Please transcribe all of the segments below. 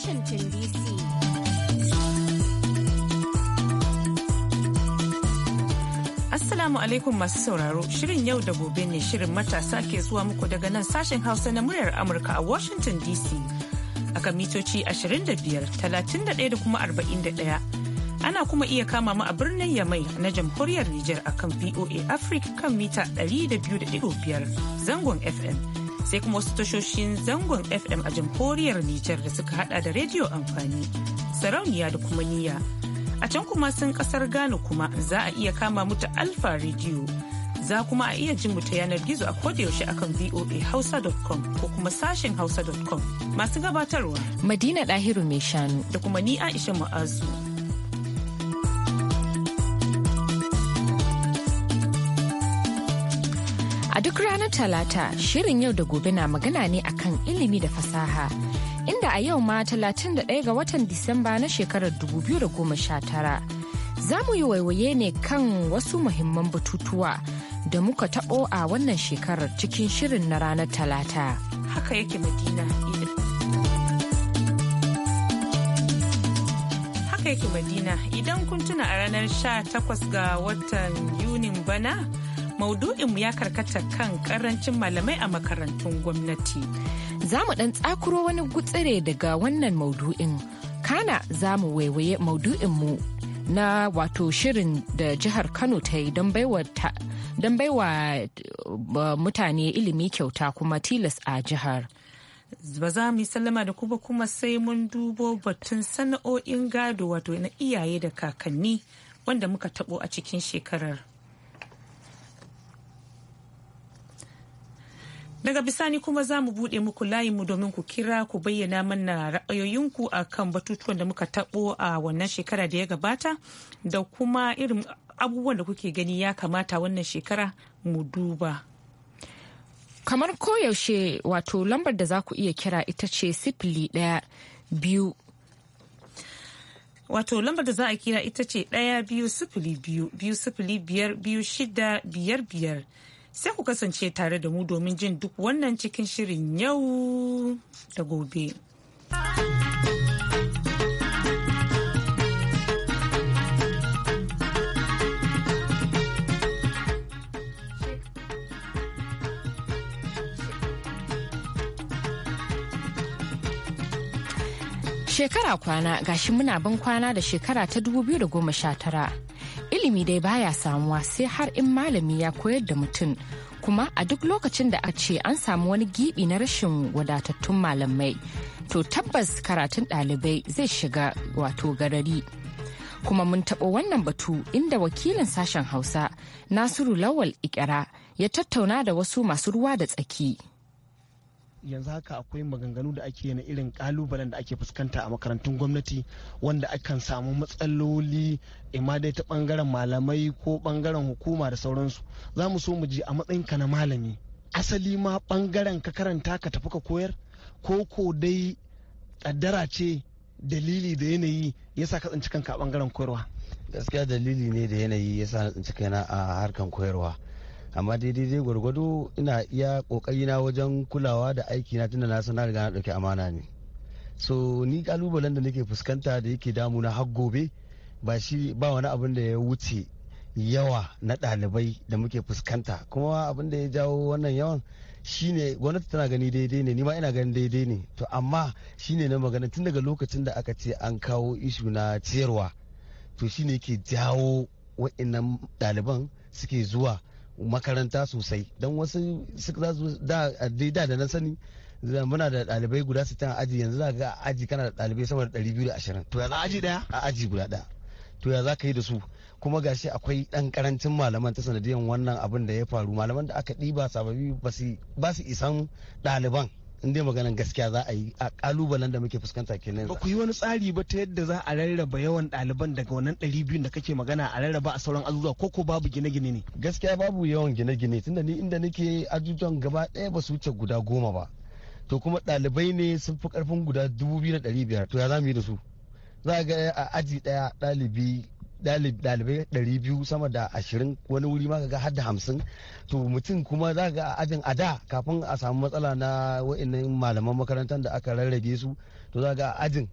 Washington DC. Assalamu alaikum masu sauraro shirin yau da gobe ne shirin matasa ke zuwa muku daga nan sashen hausa na muryar Amurka a Washington DC. Aka mitoci 25, 31 da kuma 41. Ana kuma iya kama mu a birnin Yamai na jamhuriyar Nijar akan VOA Africa kan mita 200.5 zangon FM. sai kuma wasu tashoshin zangon fm a jamhuriyar nijar da suka hada da rediyo amfani sarauniya da kuma niyya a can kuma sun kasar ghana kuma za a iya kama muta alfa rediyo za kuma a iya jin ta yanar gizo a kodayaushe akan voa hausa.com ko kuma sashen hausa.com masu gabatarwa madina dahiru mai shanu da kuma ni aisha ma'azu duk ranar Talata, shirin yau da gobe na magana ne akan ilimi da fasaha. Inda a yau ma 31 ga watan Disamba na shekarar 2019 za mu yi waiwaye ne kan wasu muhimman batutuwa da muka taɓo a wannan shekarar cikin shirin na ranar Talata. Haka yake Madina. Haka yake Madina idan kun tuna a ranar sha 18 ga watan Yunin bana maudu'inmu ya karkata kan karancin malamai a makarantun gwamnati. Za mu ɗan tsakuro wani gutsire daga wannan maudu'in. Kana za mu waiwaye maudu'inmu na wato shirin da jihar Kano ta yi don baiwa mutane ilimi kyauta kuma tilas a jihar. ba za mu yi sallama da kuma kuma sai mun dubo batun sana'o'in gado wato na iyaye da kakanni wanda muka taɓo a cikin shekarar Daga bisani kuma za mu buɗe muku layinmu domin ku kira ku bayyana mana ra'ayoyinku a kan batutuwan da muka taɓo a wannan shekara da ya gabata da kuma irin abubuwan da kuke gani ya kamata wannan shekara mu duba. Kamar koyaushe wato lambar da za ku iya kira ita ce sifili ɗaya biyu wato lambar da za a kira ita ce ɗaya biyu sifili biyu biyu sifili biyar biyu shida biyar biyar sai ku kasance tare da mu domin jin duk wannan cikin shirin yau da gobe. Shekara kwana gashi muna ban kwana da shekara ta 2019 ilimi dai baya samuwa sai har in malami ya koyar da mutum kuma a duk lokacin da a ce an samu wani gibi na rashin wadatattun malamai to tabbas karatun ɗalibai zai shiga wato garari kuma mun taɓa wannan batu inda wakilin sashen hausa nasiru lawal ikira ya tattauna da wasu masu ruwa da tsaki yanzu haka akwai maganganu da ake na irin kalubalen da ake fuskanta a makarantun gwamnati wanda akan samu matsaloli ima dai ta bangaren malamai ko bangaren hukuma da sauransu za mu so mu ji a matsayin ka na malami asali ma bangaren ka karanta ka tafi ka koyar ko ko dai kaddara ce dalili da yanayi yasa ka tsinci kanka a bangaren koyarwa gaskiya dalili ne da yanayi yasa na tsinci kaina a harkan koyarwa amma daidai dai gwargwado ina iya kokari na wajen kulawa da aiki na tunda na san na riga na dauke amana ne so ni kalubalen da nake fuskanta da yake damu na har gobe ba shi ba wani abin da ya wuce yawa na ɗalibai da muke fuskanta kuma abin da ya jawo wannan yawan shine gwamnati tana gani daidai ne ni ma ina ganin daidai ne to amma shine na magana tun daga lokacin da aka ce an kawo ishu na ciyarwa to shine ke jawo wa'annan ɗaliban suke zuwa makaranta sosai don wasu da da da na sani muna da ɗalibai guda su a aji yanzu za ga aji kana da ɗalibai sama da 220 to yanzu aji daya a aji guda daya to ya za ka yi da su kuma gashi akwai dan karancin malaman ta sanadiyan wannan abin da ya faru malaman da aka ɗiba sababi ba su isan ɗaliban in dai maganan gaskiya za a yi a kalubalen da muke fuskanta kenan ba ku yi wani tsari ba ta yadda za a rarraba yawan ɗaliban daga wannan ɗari biyun da kake magana a rarraba a sauran azuzuwa ko ko babu gine-gine ne gaskiya babu yawan gine-gine tunda ni inda nake ajujuwan gaba ɗaya ba su wuce guda goma ba to kuma ɗalibai ne sun fi ƙarfin guda dubu biyu da ɗari biyar to ya za mu yi da su za ga a aji ɗaya ɗalibi dalibai ɗari biyu sama da ashirin wani wuri ma ga har da hamsin to mutum kuma za ga ajin a da kafin a samu matsala na wa'annan malaman makarantar da aka rarrage su to za ga ajin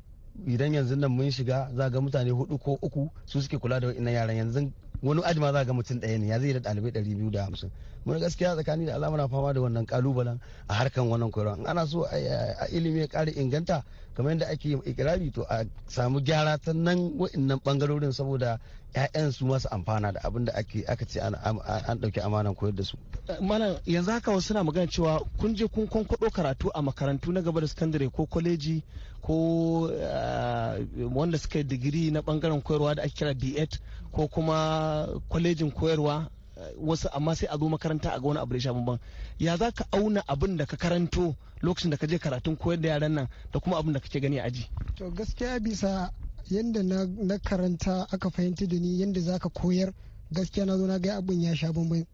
idan yanzu nan mun shiga za ga mutane hudu ko uku su suke kula da wa'annan yaran yanzu wani ajima za ga mutum ɗaya ne ya zai da ɗalibai ɗari biyu da hamsin mun gaskiya tsakani da Allah fama da wannan kalubalen a harkan wannan koyarwa ana so a ilimi ya kare inganta kamar yadda ake ikirari to a samu gyara ta nan wa'annan bangarorin saboda 'ya'yan su masu amfana da abin da ake aka ce an ɗauki amanan koyar da su. malam yanzu haka wasu na magana cewa kun je kun kwankwado karatu a makarantu na gaba da sakandare ko kwaleji ko eh, wanda suka yi digiri na bangaren koyarwa da ake kira b.ed ko kuma kwalejin koyarwa wasu amma sai a zo makaranta a ga wani abu da ya ban ya za ka auna abin da ka karanto lokacin da ka je karatun koyar da yaran nan da kuma abin da kake gani a aji to gaskiya bisa yadda na karanta aka fahimta da ni yadda za ka koyar gaskiya na zo na ga abin ya sha bambam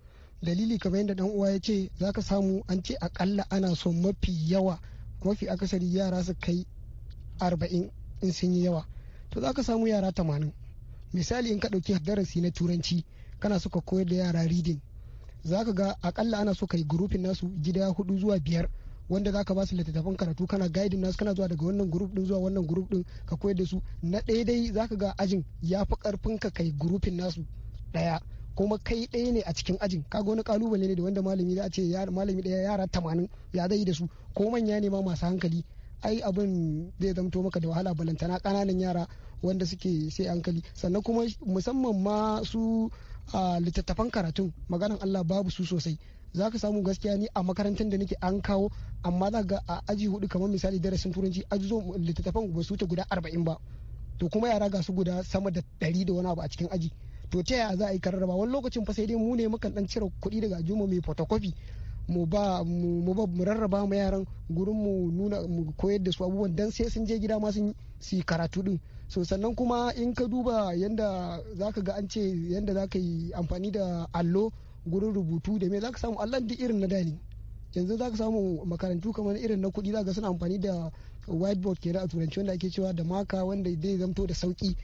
dalili kamar yadda dan uwa ya ce za ka samu an ce akalla ana so mafi yawa mafi akasari yara su kai arba'in in sun yi yawa to za ka samu yara tamanin misali in ka ɗauki darasi na turanci kana so ka koyar da yara reading za ka ga akalla ana so ka yi gurufin nasu gida hudu zuwa biyar wanda za ka ba su littattafan karatu kana guiding nasu kana zuwa daga wannan group din zuwa wannan group din ka koyar da su na ɗaya dai za ka ga ajin ya fi karfin ka kai gurufin nasu ɗaya kuma kai ɗaya ne a cikin ajin ka ga wani kalubale ne da wanda malami za a ce malami ɗaya yara tamanin ya zai yi da su ko manya ne ma masu hankali ai abin zai zamto maka da wahala balantana kananan yara wanda suke sai hankali sannan kuma musamman ma su a littattafan karatun maganan Allah babu su sosai za ka samu gaskiya ni a makarantar da nake an kawo amma za ga a aji hudu kamar misali darasin turanci zo littattafan ba su ta guda arba'in ba to kuma yara ga su guda sama da ɗari da wani abu a cikin aji to ta yaya za a yi kararraba wani lokacin fa sai dai mu ne mukan dan cire kuɗi daga juma mai photocopy mu ba mu ba mu rarraba ma yaran gurin mu nuna mu koyar da su abubuwan dan sai sun je gida ma sun yi karatu din so sannan kuma in ka duba yadda za ka ga an ce yadda za ka yi amfani da allo gurin rubutu da me ka samu allon duk irin na da ne yanzu ka samu makarantu kamar irin na kuɗi ka suna amfani da whiteboard kenan a turanci wanda ake cewa da maka wanda zai zamto da sauki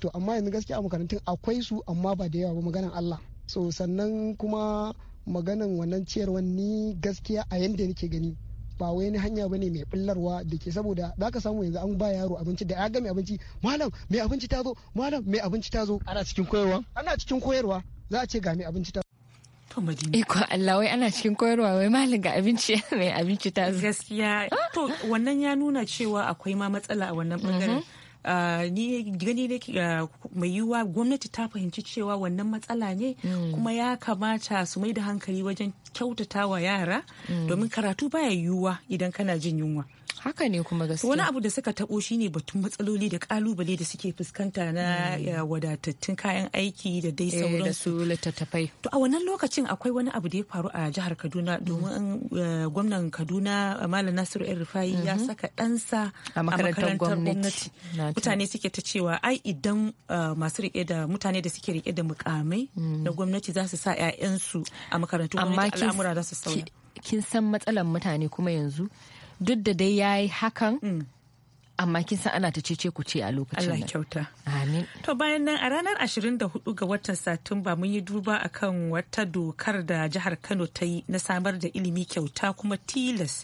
to amma yanzu gaskiya a makarantun akwai su amma ba da yawa ba maganan Allah so sannan kuma maganan wannan ciyarwan ni gaskiya a yanda nake gani ba wai ni hanya bane mai billarwa da ke saboda za ka samu yanzu an ba yaro abinci da ya gami abinci malam mai abinci ta zo malam mai abinci ta zo ana cikin koyarwa ana cikin koyarwa za a ce ga mai abinci ta To Madina. ko Allah wai ana cikin koyarwa wai malam ga abinci mai abinci ta zo. Gaskiya. To wannan ya nuna cewa akwai ma matsala a wannan bangaren. Mm-hmm. Ah, ni gani ne ah, mai yiwuwa gwamnati ta fahimci cewa wannan matsala ne mm. kuma ya kamata su mai da hankali wajen kyautata wa yara mm. domin karatu baya yiwuwa idan kana jin yunwa haka ne kuma gaskiya wani abu da suka tabo shine batun matsaloli da kalubale da suke fuskanta na mm. wadatattun kayan aiki da dai eh, sauransu da littattafai to a wannan lokacin akwai wani abu da ya faru a jihar Kaduna domin eh, gwamnan Kaduna Malam Nasiru El ya mm-hmm. saka ɗansa a makarantar gwamnati mutane suke ta cewa ai idan eh, masu rike da mutane da suke rike da mukamai mm. na gwamnati za su sa 'ya'yansu a makarantu amma al'amura za su sauya kin san matsalar mutane kuma yanzu duk da dai ya yi hakan mm. amma kin san ana ta cece ku ce a lokacin Allah kyauta. Amin. To bayan nan a ranar 24 ga watan Satumba mun yi duba akan wata dokar da jihar Kano ta yi na samar da ilimi kyauta kuma tilas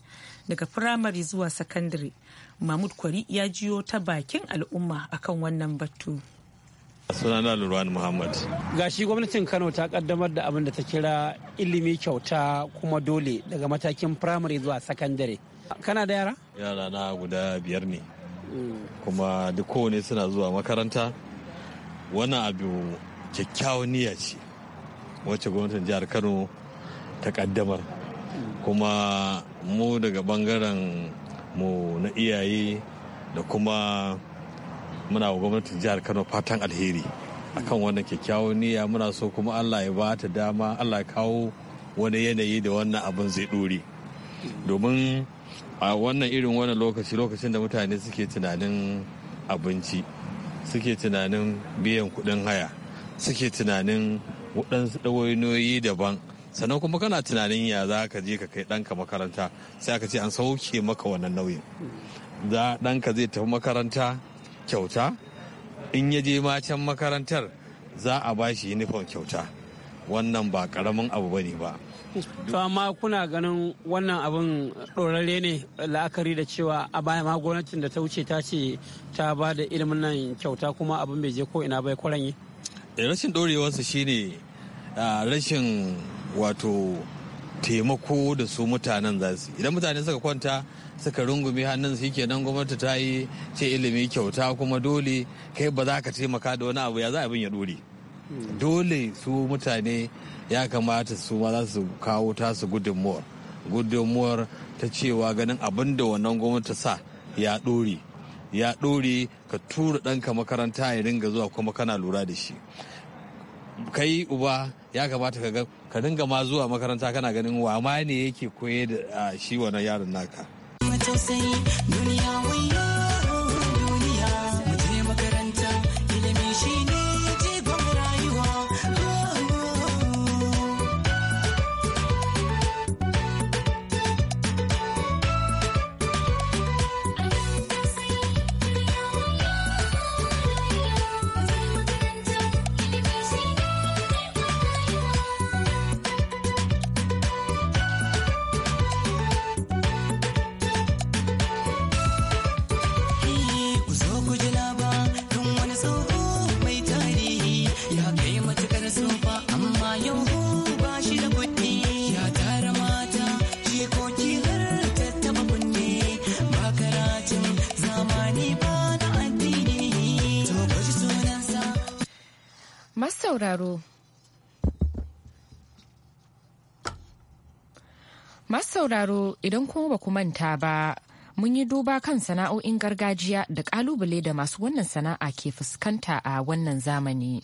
daga firamare zuwa sakandare. mahmud kwari ya jiyo ta bakin al'umma akan wannan batu sunana lurwan muhammad gashi gwamnatin kano ta kaddamar da abin da ta kira ilimi kyauta kuma dole daga matakin firamare zuwa sakandare kana da yara yara na guda biyar ne mm. kuma duk kowane suna zuwa makaranta wannan abu kyakkyawan niyya ce wacce gwamnatin jihar kano ta kaddamar mm. kuma mu daga bangaren mu na iyaye da kuma muna wa gwamnatin jihar kano fatan alheri akan wannan kyakkyawan niyya muna so kuma allah ya ba ta dama allah ya kawo wani yanayi da wannan abin zai ɗore domin a wannan irin wannan lokaci lokacin da mutane suke tunanin abinci suke tunanin biyan kuɗin haya suke tunanin waɗansu ɗawainoyi daban sannan kuma kana tunanin ya za ka je ka kai ɗanka makaranta sai aka ce an sauke maka wannan nauyin za ɗanka zai tafi makaranta kyauta in ya je ma can makarantar za a ba shi yunifon kyauta wannan ba ƙaramin abu ba ne ba to amma kuna ganin wannan abin ɗorarre ne la'akari da cewa a baya ma gwamnatin da ta wuce ta ce ta ba da ilimin nan kyauta kuma abin bai je ko ina bai kwaranye eh, rashin ɗorewarsa shine ah, rashin wato taimako da su mutanen za su idan mutane suka kwanta suka rungumi hannun su kenan gwamnati ta yi ce ilimi kyauta kuma dole kai ba za ka taimaka da wani abu ya za abin ya dore dole su mutane ya kamata su ma za su kawo tasu gudunmuwar gudunmuwar ta cewa ganin abin da wannan gwamnati sa ya dore ya dore ka tura ɗanka makaranta ya ringa zuwa kuma kana lura da shi kai uba ya kamata ka ga ka dinga ma zuwa makaranta kana ganin wa ma ne yake koye da shi wannan yaron naka. sauraro. Masu sauraro idan kuma ba ku manta ba, mun yi duba kan sana'o'in gargajiya da kalubale da masu wannan sana'a ke fuskanta a wannan zamani.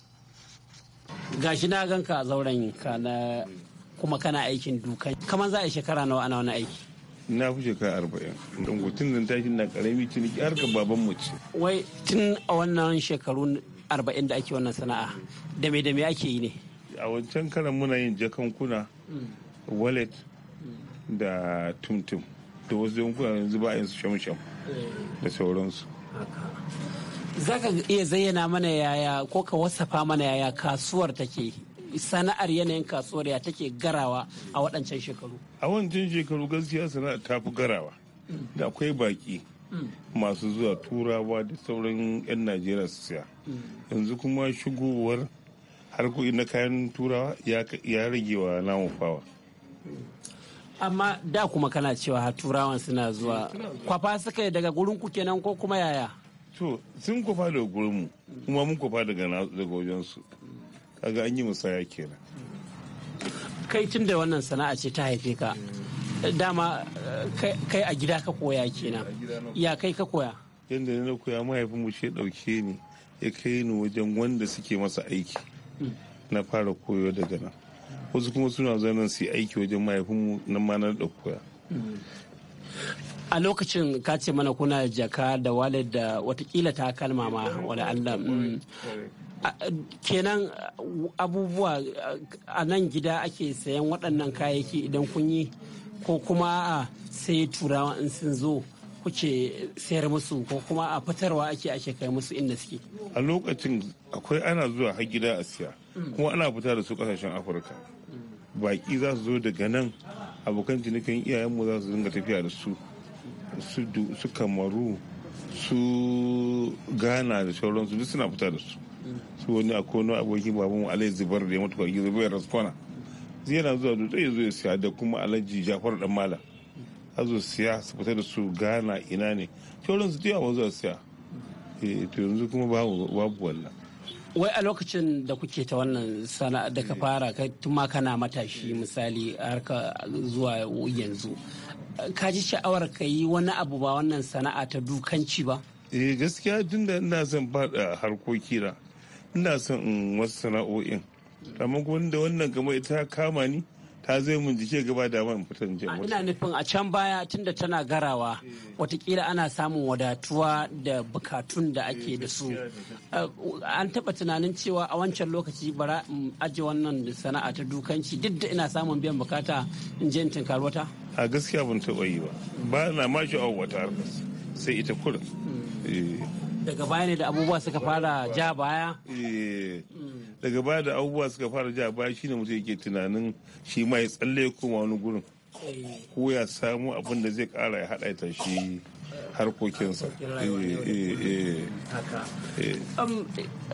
Gashi na ganka a zauren ka na kuma kana aikin dukan. Kamar za a shekara nawa ana wani aiki? na fi shekara arba'in don gutun zan tashi na karami ciniki harkar baban mace. ce. wai tun a wannan shekaru arba'in da ake wannan sana'a da me da me ake yi ne a wancan karan muna yin jakankuna wallet da tumtum da wasu yankuna yanzu ba yanzu shamsham eh. da sauransu za ka iya zayyana mana yaya ko ka wasafa mana yaya kasuwar take sana'ar yanayin kasuwar ya take garawa a waɗancan shekaru a wancan shekaru gaskiya sana'a ta fi garawa da akwai baki mm. masu zuwa turawa da sauran 'yan najeriya su siya yanzu kuma shigowar harkokin na kayan turawa ya rage wa namun fawa amma da kuma kana cewa turawan eh, suna zuwa kwafa suka yi daga gurin ku kenan ko kuma yaya to sun kwafa daga gurin mu kuma mun kwafa daga wajensu wajen su kaga an yi musaya kenan kai tun da wannan sana'a ce ta haife ka dama eh, kai a gida ka koya kenan ya kai ka koya yadda na koya mahaifin mu shi dauke ni ya kai ni wajen wanda suke masa aiki na fara koyo daga nan wasu kuma suna zanen su aiki wajen mahaifinmu na manar da koya a lokacin ka ce mana kuna jaka da walid da watakila ta kalma ma wani allah mm. kenan abubuwa a nan gida ake sayan waɗannan kayayyaki idan kun yi ko kuma a sai turawa in sun zo kuke sayar musu ko kuma a fitarwa ake ake kai musu inda suke a lokacin akwai ana zuwa har gida a siya kuma ana fita da su kasashen afirka baki za su zo daga nan abokan cinikin iyayenmu za su dinga tafiya da su su kamaru su ghana da sauransu duk suna fita da su su wani a kono abokin babanmu alai zubar da ya mutu kwanki zubar raskona yana zuwa dutse ya zo ya siya da kuma alhaji jafar dan mala hazo siya su fita da su gana ina ne kyaurin su tiyawa zuwa siya eh, to yanzu kuma babu wannan wai a lokacin da kuke ta wannan sana'a da ka fara tun ma kana matashi misali har ka zuwa yanzu ka ji sha'awar ka yi wani abu ba wannan sana'a ta dukanci ba eh gaskiya tun da ina son ba harkoki na ina son wasu sana'o'in amma wanda wannan kamar ita kama ni ta zai mun jike gaba da man fita in je ina nufin a can baya tunda tana garawa eh. watakila ana samun wadatuwa da bukatun da eh, ake da su eh, an taba tunanin cewa a wancan lokaci bara aje wannan sana'a ta dukanci duk da ina samun biyan bukata in je in tinkar wata a gaskiya ban taba yi ba ba na ma sha'awar wata harkar sai ita kurin eh. daga baya ne da abubuwa suka fara ja baya eh. daga baya da abubuwa suka fara ja baya shine mutum yake tunanin shi ma ya tsalle kuma wani gurin eh. ko ya samu abin da zai kara ya haɗa ta shi harkokinsa um,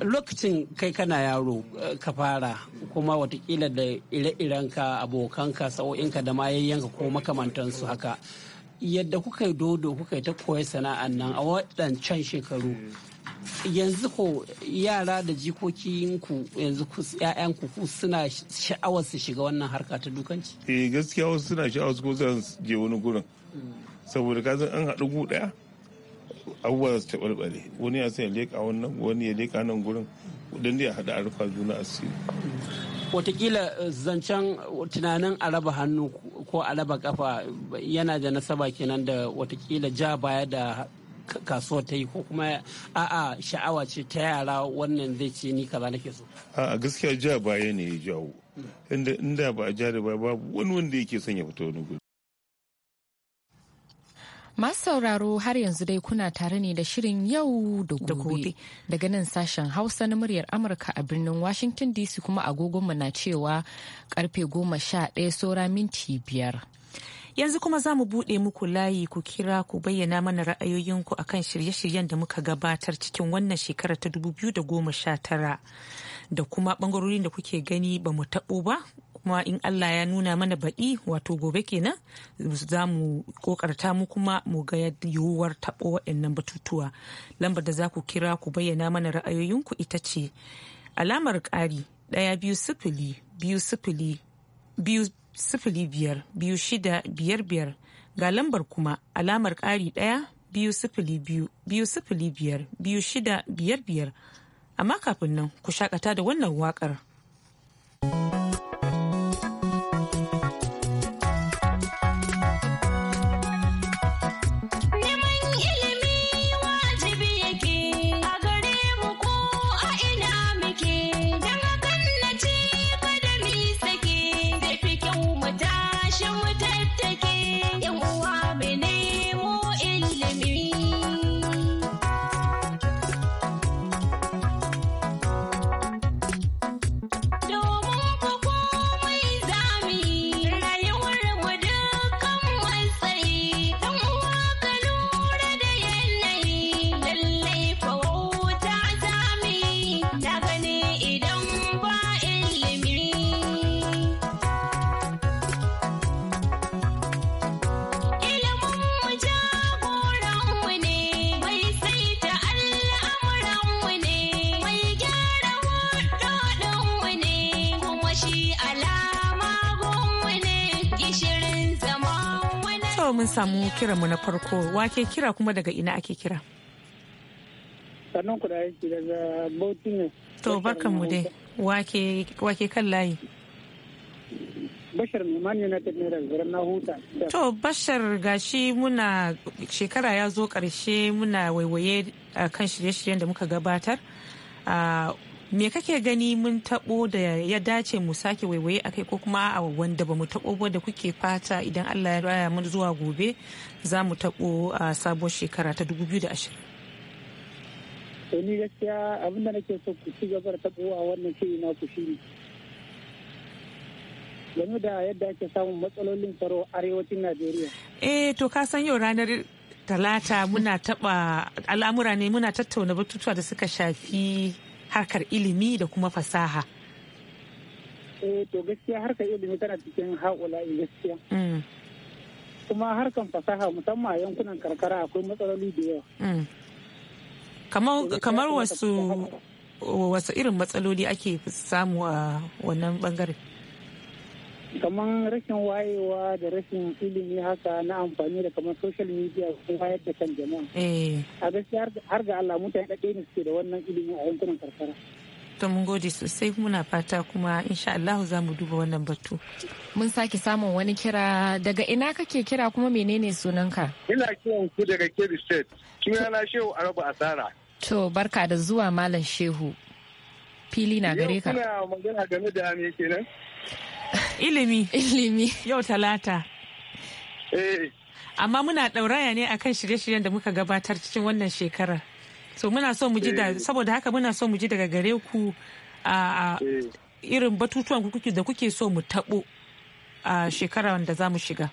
lokacin kai kana yaro ka fara kuma watakila da ire-irenka abokanka sa'o'inka da mayayyanka ko makamantansu haka yadda kuka yi dodo kuka yi ta koya sana'an nan a waɗancan shekaru yanzu ko yara da jikokinku yanzu ku ku suna sha'awar su shiga wannan harka ta dukanci eh gaskiya wasu suna sha'awar su ko zan je wani gurin saboda ka san an haɗu gu ɗaya abubuwa su taɓarɓare wani ya sai ya leƙa wannan wani ya leƙa nan gurin dan da ya haɗu a rufa juna asiri watakila eh, zancen tunanin a raba hannu ko a raba kafa yana da nasaba kenan da watakila ja baya da kasuwa ta yi ko kuma a'a sha'awa ce ta yara wannan zai ce ni kaza nake so a gaskiya ja baya ne ya jawo hmm. inda ba a ja da baya babu wani wanda yake son ya fito wani gudu. Masu sauraro har yanzu dai kuna tare ne da shirin yau da gobe daga nan sashen Hausa na muryar Amurka a birnin Washington DC kuma agogonmu na cewa karfe goma sha ɗaya saura minti biyar. Yanzu kuma za mu buɗe muku layi ku kira ku bayyana mana ra'ayoyinku a kan shirye-shiryen da muka gabatar cikin wannan shekarar ta 2019 da kuma ɓangarorin da kuke gani ba mu taɓo ba kuma in allah ya nuna mana baɗi wato gobe kenan za mu kokarta mu kuma mu ga yiwuwar taɓo waɗannan batutuwa lambar da za ku kira ku bayyana mana ra'ayoyinku ita ce alamar ƙari ɗaya biyu sifili biyu sifili biyu sifili biyar biyu shida biyar biyar ga lambar kuma alamar ƙari ɗaya biyu sifili biyu biyu sifili biyar biyu shida biyar biyar amma kafin nan ku shakata da wannan waƙar. mun samu kira mu na farko wake kira kuma daga ina ake kira to barkan mu dai wake wake kan layi bashar neman na ne daga garin na huta to bashar gashi muna shekara ya zo karshe muna waiwaye kan shirye-shiryen da muka gabatar ah, me kake gani mun taɓo da ya dace mu sake waiwaye a kai ko kuma a wanda ba mu taɓo ba da kuke fata idan allah ya raya mun zuwa gobe za mu taɓo a sabuwar shekara ta 2020 to ni gaskiya abinda nake so ku ci gaba da taɓo a wannan shiri na ku shiri game da yadda ake samun matsalolin tsaro a arewacin najeriya eh to ka san yau ranar talata muna taba al'amura ne muna tattauna batutuwa da suka shafi harkar ilimi da kuma fasaha eh to gaskiya harkar ilimi tana cikin haƙula gaskiya mm. kuma harkar fasaha musamman a yankunan karkara akwai matsaloli da yawa mm. kamar wasu wasu irin matsaloli ake samu a wannan bangare kaman rashin wayewa da rashin ilimi haka na amfani da kamar social media sun wayar da kan jama'a eh. a gaskiya har ga Allah mutane ɗaɗɗe ne suke da wannan ilimi a yankunan karkara to mun gode sosai muna fata kuma insha Allah za mu duba wannan batu mun sake samun wani kira daga ina kake kira kuma menene sunanka ina kiran ku daga Kebbi State sunana Shehu rabu Asara to barka da zuwa malam Shehu fili na gare ka yau kuna magana game da me kenan Ilimi. Ilimi. Yau talata. Eh. Amma muna ɗauraya ne akan shirye-shiryen da muka gabatar cikin wannan shekarar. So muna so mu ji da eh. saboda haka muna so mu ji daga gare ku a eh. irin batutuwan da kuke so mu taɓo a shekarar da za mu shiga.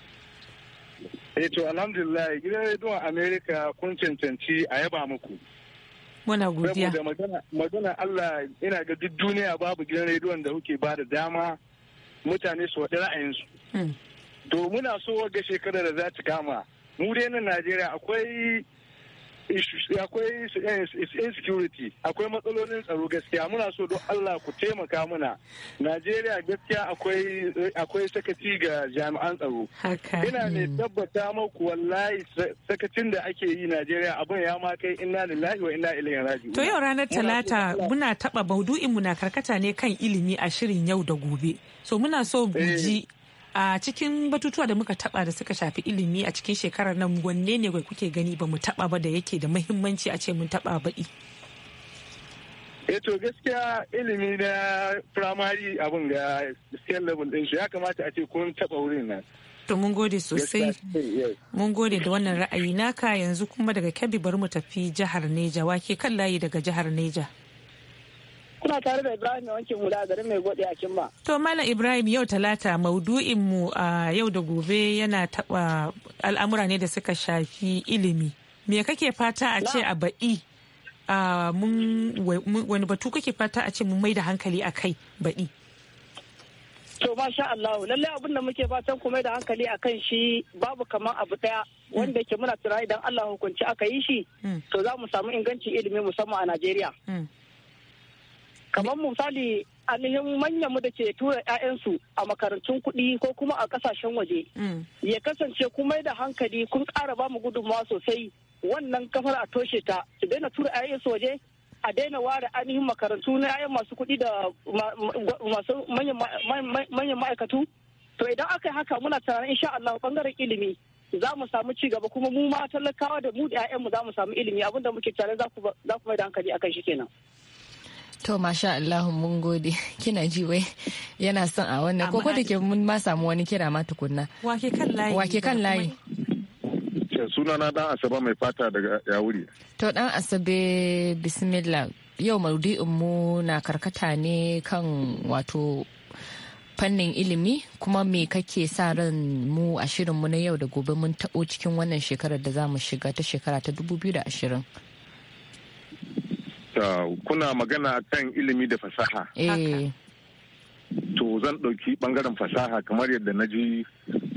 Eh to alhamdulillah gidan rediyon Amerika kun cancanci a yaba muku. Muna godiya. magana Allah ina ga duk duniya babu gidan rediyon da kuke ba da dama mutane su waɗi ra'ayinsu. Hmm. To muna so ga shekarar da za ta kama. Mu dai na Najeriya akwai Eh, akwai eh, insecurity akwai matsalolin tsaro gaskiya muna so don Allah ku taimaka mana Najeriya gaskiya akwai sakaci ga jami'an tsaro ina ne tabbata maku wallahi sakacin da ake yi Najeriya abin ya ma kai inna lillahi wa inna ilaihi raji'un to yau ranar talata muna taba baudu'in mu na karkata ne kan ilimi a shirin yau da gobe so muna so mu eh. ji a cikin batutuwa da muka taba da suka shafi ilimi a cikin shekarar nan wanne ne kuke gani ba mu taba ba da yake da muhimmanci a ce mun taba baɗi E eh to gaskiya ilimi na firamare abin ga scale level din shi ya kamata a ce kun taba wurin nan to mun gode sosai eh, mun gode da wannan ra'ayi naka yanzu kuma daga kebbi bari mu tafi jihar neja wake kan layi daga jihar neja kuna tare da Ibrahim mai wankin hula a garin mai gode a Kimba. To Malam Ibrahim yau talata maudu'in mu a yau da gobe yana taba al'amura ne da suka shafi ilimi. Me kake fata a ce a baɗi? wani batu kake fata a ce mun mai da hankali a kai baɗi? To masha Allah lallai abin da muke fatan mai da hankali a kan shi babu kamar abu daya mm. wanda yake muna tunani idan Allah hukunci aka yi shi mm. to za mu samu ingancin ilimi musamman a Najeriya. Mm. kamar misali ainihin manyan mu da ke tura 'ya'yansu a makarantun kuɗi ko kuma a kasashen waje mm. ya kasance kuma da hankali kun ƙara ba mu gudunmawa sosai wannan kafar a toshe ta su daina tura 'ya'yansu waje a daina ware ainihin makarantu na 'ya'yan masu kuɗi da masu manyan ma'aikatu to idan aka yi haka muna tunanin insha Allah bangaren ilimi za mu samu ci gaba kuma mu ma talakawa da mu da 'ya'yanmu za mu samu ilimi abinda muke tare za ku mai da hankali akan shi kenan. To masha Allah mun gode kina ji wai yana son a wannan ko da ke mun ma samu wani kira ma tukunna. Wake kan layi. Wake kan layi. Suna na dan Asabe mai fata daga Yawuri. To dan Asabe bismillah yau maudu'in mu na karkata ne kan wato fannin ilimi kuma me kake sa ran mu a shirin mu na yau da gobe mun taɓo cikin wannan shekarar da za mu shiga ta shekara ta dubu da 2020. Dokta, kuna magana kan ilimi da fasaha. Eh. To zan ɗauki ɓangaren fasaha kamar yadda na ji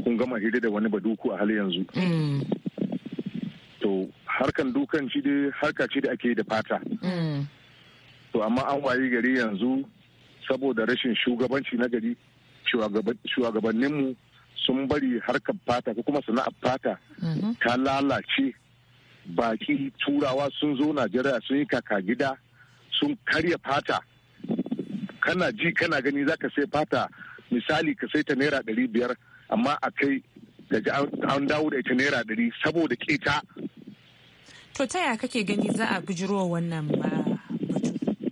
kun gama hira da wani baduku a hali yanzu. Mm. To harkan dukan ci dai harka ce da ake da fata. Mm. To amma an wayi gari yanzu saboda rashin shugabanci na gari shugabanninmu sun bari harkar fata ko kuma sana'ar fata mm-hmm. ta lalace baki turawa sun zo najeriya sun yi kaka gida sun karya fata kana ji kana gani za ka sai fata misali ka sai ta naira ɗari biyar amma a kai daga an dawo da ita naira ɗari saboda keta to ta kake gani za a bijiro wannan ah,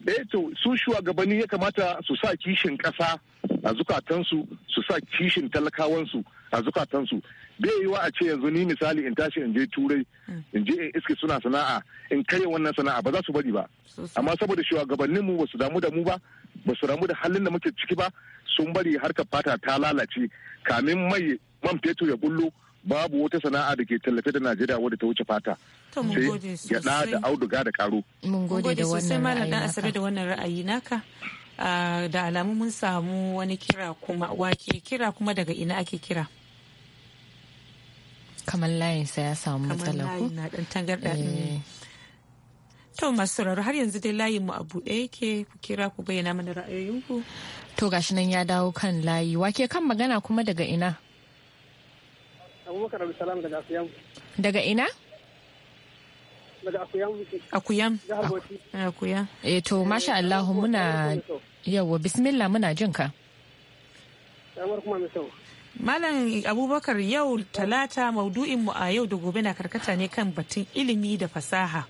ba eh to su shugabanni ya kamata su sa kishin ƙasa a zukatansu su sa kishin talakawansu a zukatansu bai yiwa a ce yanzu ni misali in tashi in je turai hmm. in je in iske suna sana'a in karya wannan sana'a ba za su bari ba amma saboda shugabannin mu su damu da mu ba ba su damu da halin da muke ciki ba sun bari harkar fata ta lalace kamin mai man fetur ya bullo babu wata sana'a da ke tallafe da Najeriya wadda ta wuce fata. Sai gyada da auduga da karo. Mun gode da wannan ra'ayi naka. da wannan ra'ayi naka. Ah, da alamu mun samu wani kira kuma wake kira kuma daga ina ake kira. kamar layin sa ya samu matsala ko na dan tangarda eh. mm. to masu sauraro har yanzu dai layin mu a buɗe yake ku kira ku bayyana mana ra'ayoyinku to gashi nan ya dawo kan layi wake kan magana kuma daga ina abubakar abdulsalam daga asiyam daga ina daga akuyam akuyam eh to masha Allah muna yawa bismillah muna jinka. kamar kuma mai Malam Abubakar yau talata maudu'in mu a yau da gobe na karkata ne kan batun ilimi da fasaha.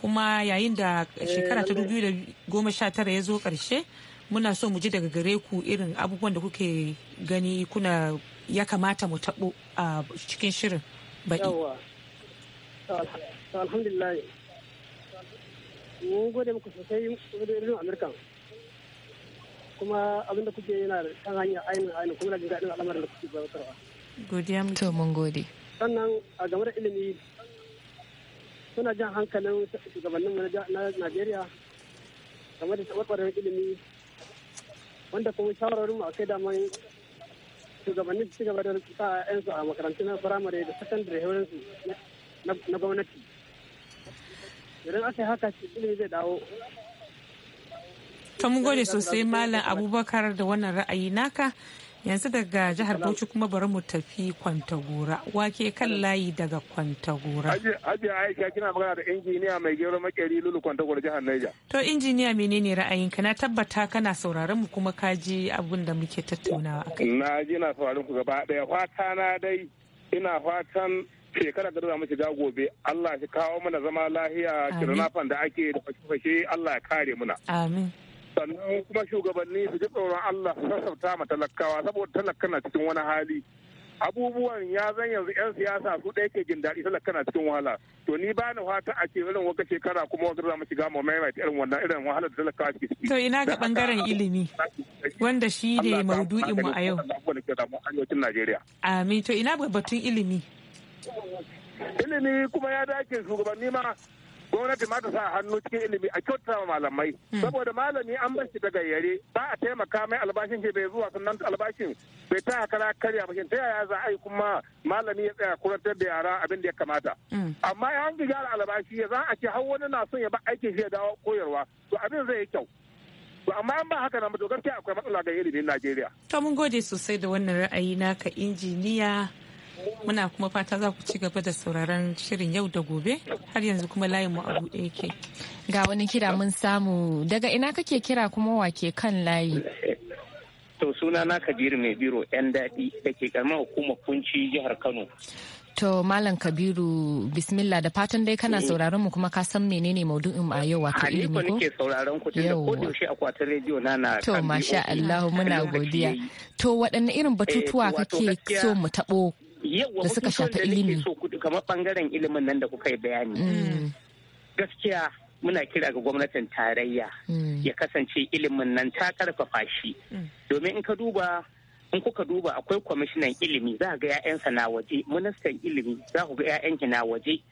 Kuma yayin da shekara ta eh, tara ya zo karshe muna so mu ji daga gare ku irin abubuwan da kuke gani kuna ya kamata mu taɓo a cikin shirin baɗi. Alhamdulillah. Mun gode muku sosai irin Amurka. kuma abin da kuke yana da kan hanya ainihin ainihin kuma da jin daɗin al'amarin da kuke gabatarwa. Godiya mu. To mun gode. Sannan a game da ilimi suna jan hankalin shugabannin mu na Najeriya game da taɓarɓarin ilimi wanda kuma shawararin mu a kai damar shugabannin su gaba da sa 'yansu a makarantu na firamare da sakandare haurinsu na gwamnati. Idan aka yi haka ilimi zai dawo ta mun gode sosai malam abubakar da wannan ra'ayi naka yanzu daga jihar bauchi kuma bari mu tafi kwantagora wake kan layi daga kwantagora aje aisha kina magana da injiniya mai gero makeri lulu kwantagora jihar naija to injiniya menene ra'ayinka na tabbata kana sauraron mu kuma ka ji abin da muke tattaunawa akai na ji na sauraron ku gaba daya fata na dai ina fatan shekara da mu shiga gobe Allah shi kawo mana zama lahiya kirnafan da ake da fashe Allah ya kare muna amin sannan kuma shugabanni su ji tsoron Allah su sassauta ma talakawa saboda talaka na cikin wani hali abubuwan ya zan yanzu 'yan siyasa su ɗaya ke jin daɗi talaka na cikin wahala to ni ba ni fata a ce irin wata shekara kuma wata za mu shiga mu maimaita irin wannan irin wahalar da talaka ke to ina ga bangaren ilimi wanda shi ne maudu'in mu a yau amin to ina ga batun ilimi ilimi kuma ya dace shugabanni ma gwamnati ma ta sa hannu cikin ilimi a kyautata wa malamai hmm. saboda malami an bar shi daga yare ba a taimaka mai albashin shi bai zuwa sannan albashin bai ta kara karya ba ta yaya za a yi kuma malami ya tsaya kurantar da yara abin da ya kamata hmm. amma ya hangi gyara albashi ya za a ce har wani na son ya ba aikin shi ya dawo koyarwa to abin zai yi kyau To amma an ba haka nan to gaskiya akwai matsala ga ilimin Najeriya. To mun gode sosai da wannan ra'ayi naka injiniya Muna kuma fata za ku ci gaba da sauraron shirin yau da gobe har yanzu kuma layin mu a buɗe yake. Ga wani kira mun samu daga ina kake kira kuma wake kan layi. To suna na Kabiru mai biro 'yan daɗi da ke karamar hukumar kunci jihar Kano. To Malam Kabiru bismillah da fatan dai kana eh. sauraron mu kuma ka san menene maudu'in a yau wato ilimi ko? nake sauraron ku tunda ko yaushe na na To masha Allah muna godiya. To waɗanne irin batutuwa eh, kake so mu taɓo da suka shafi ilimi so kamar bangaren ilimin nan da kuka yi bayani mm. gaskiya muna kira ga gwamnatin tarayya mm. ya kasance ilimin nan ta karfafa shi mm. domin in ka duba in kuka duba akwai kwamishinan ilimi za ga 'ya'yansa na waje ministan ilimi za ku ga 'ya'yanki na waje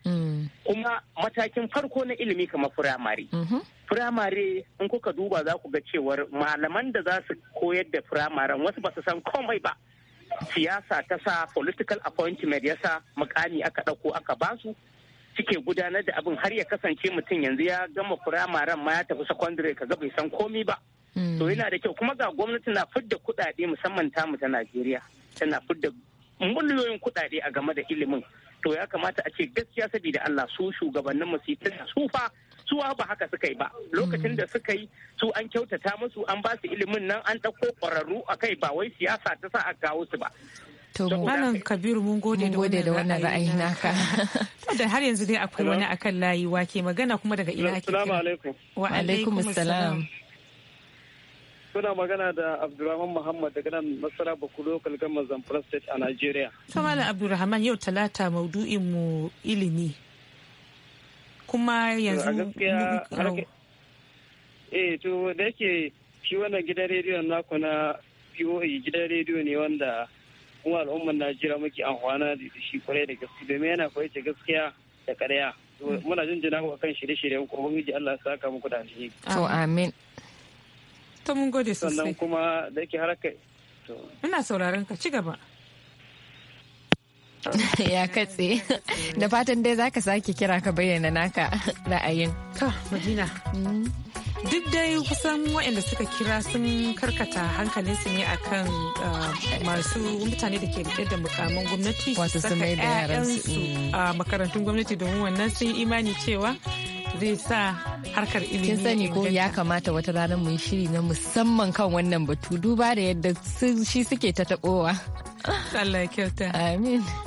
kuma matakin farko na ilimi kamar firamare mm-hmm. firamare in kuka duba za ku ga cewar malaman da za su koyar da firamaren wasu ba su san komai ba siyasa ta sa political appointment ya sa mukami aka ɗauko aka basu suke gudanar da abin har ya kasance mutum yanzu ya gama firamaren ma ya tafi secondary ka ga bai san komi ba hmm. to yana da kyau kuma ga gwamnati na fidda kuɗaɗe musamman ta mu ta najeriya tana fidda miliyoyin kuɗaɗe a game da ilimin to ya kamata a ce gaskiya sabida allah su shugabannin mu su fa suwa ba haka suka yi ba lokacin mm. da suka yi su an kyautata musu an ba su ilimin nan an ɗauko ƙwararru a kai ba wai siyasa ta sa a kawo su ba To Malam Kabiru mun gode da wannan ra'ayi naka. Da har yanzu dai akwai wani akan layi wake magana kuma daga ina ake. Assalamu Wa alaikum salam. Kuna magana da Abdulrahman Muhammad daga nan Masara Bakulo Kalgan Zamfara State a Najeriya. To Malam Abdulrahman yau talata maudu'in mu ilimi. kuma yanzu eh to da yake shi wannan gidan rediyon naku na POA gidan rediyo ne wanda kuma al'umman Najeriya muke amfana da shi kwarai da gaske domin yana da gaskiya da ƙarya muna jin jina ku kan shirye-shiryen ku ubangiji Allah ya saka muku da alheri to amin to mun gode sosai sannan kuma da yake haraka ina sauraron ka ci gaba ya katse eh. da fatan dai zaka sake kira ka bayyana naka ra'ayin to madina mm. duk dai kusan waɗanda suka kira sun karkata hankalinsu ne akan eh, masu mutane da ke rike da mukamin gwamnati su saka 'ya'yansu mm. a makarantun gwamnati domin wannan sun imani cewa zai sa harkar ilimi kin sani ko ya kamata wata rana mu yi shiri na musamman kan wannan batu duba da yadda shi suke ta taɓowa Allah ya kyauta amin